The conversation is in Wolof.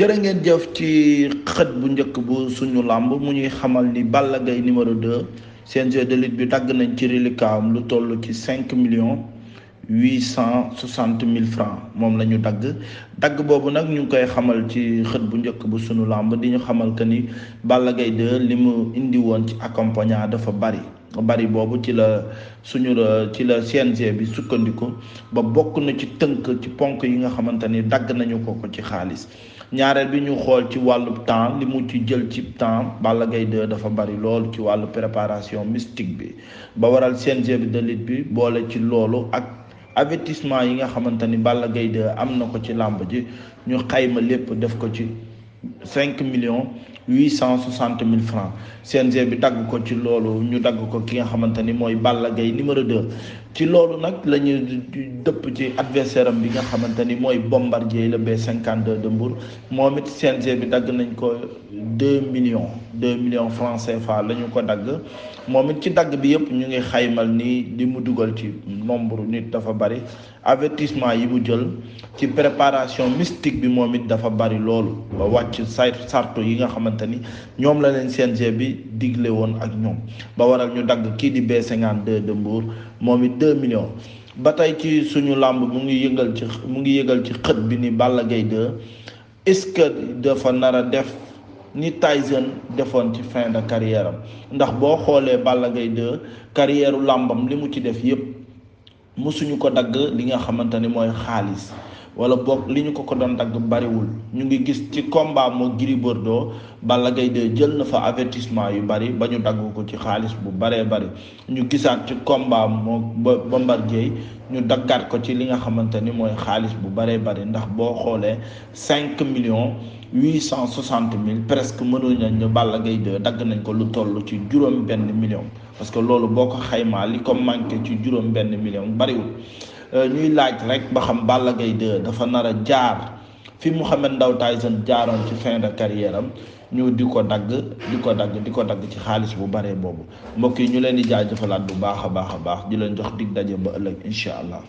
jërë ngeen jëf ci xët bu njëkk bu suñu làmb mu ñuy xamal ni Balla Gaye numéro 2 CNG de lutte bi dagg nañ ci reliquaam lu toll ci cinq millions huit cent mille francs moom la ñu dagg dagg boobu nag ñu ngi koy xamal ci xët bu njëkk bu suñu làmb di ñu xamal que ni Balla gay 2 li mu indi woon ci accompagnant dafa bari bari boobu ci la suñu ci la CNG bi sukkandiku ba bokk na ci tënk ci ponk yi nga xamante ni dagg nañu ko ko ci xaalis ñaareel bi ñu xool ci wàllu temps li mu ci jël ci temps Balla Gaye 2 dafa bari lool ci wàllu préparation mystique bi ba waral CNG bi de lutte bi boole ci loolu ak avertissement yi nga xamante ni Balla Gaye am na ko ci làmb ji ñu xayma lépp def ko ci cinq millions huit cent soixante mille francs CNG bi dagg ko ci loolu ñu dagg ko ki nga xamante ni mooy Balla Gaye numéro 2 ci loolu nag la ñu dëpp ci adversaire bi nga xamante ni mooy bombardier la B52 de Mbour moom it CNG bi dagg nañ ko deux millions deux millions francs CFA la ñu ko dagg moom it ci dagg bi yëpp ñu ngi xaymal ni li mu dugal ci nombre nit dafa bari avertissement yi mu jël ci préparation mystique bi moom it dafa bari loolu ba wàcc say yi nga xamante ni ñoom la leen CNG bi digle woon ak ñoom ba waral ñu dagg kii di B52 de Mbour moom it deux millions ba tey ci suñu làmb mu ngi yëngal ci mu ngi yëgal ci xët bi ni Balla Gaye 2 est-ce que dafa nar def ni Tyson defoon ci fin de carrière ndax boo xoolee Balla gay 2 carrière làmbam li mu ci def yépp mësuñu ko dagg li nga xamante ni mooy xaalis wala boog li ñu ko ko doon dagg bariwul ñu ngi gis ci combat moo Gris Bordeaux Balla Gaye 2 jël na fa avertissement yu bari ba ñu dagg ko ci xaalis bu baree bari ñu gisaat ci combat moo Bombardier ñu daggaat ko ci li nga xamante ni mooy xaalis bu baree bari ndax boo xoolee cinq millions huit cent soixante mille presque mënoon nañ ñu Balla Gaye dagg nañ ko lu toll ci juróom benn million parce que loolu boo ko xaymaa li ko manqué ci juróom benn million bariwul euh, ñuy laaj rek ba xam Balla Gaye 2 dafa nar a jaar fi mu Mouhamed ndaw Tyson jaaroon ci fin de carrière am ñu di ko dagg di ko dagg di ko dagg ci xaalis bu baree boobu mbokk yi ñu leen di jëfalaat bu baax a baax a baax di leen jox digg daje ba ëllëg incha allah.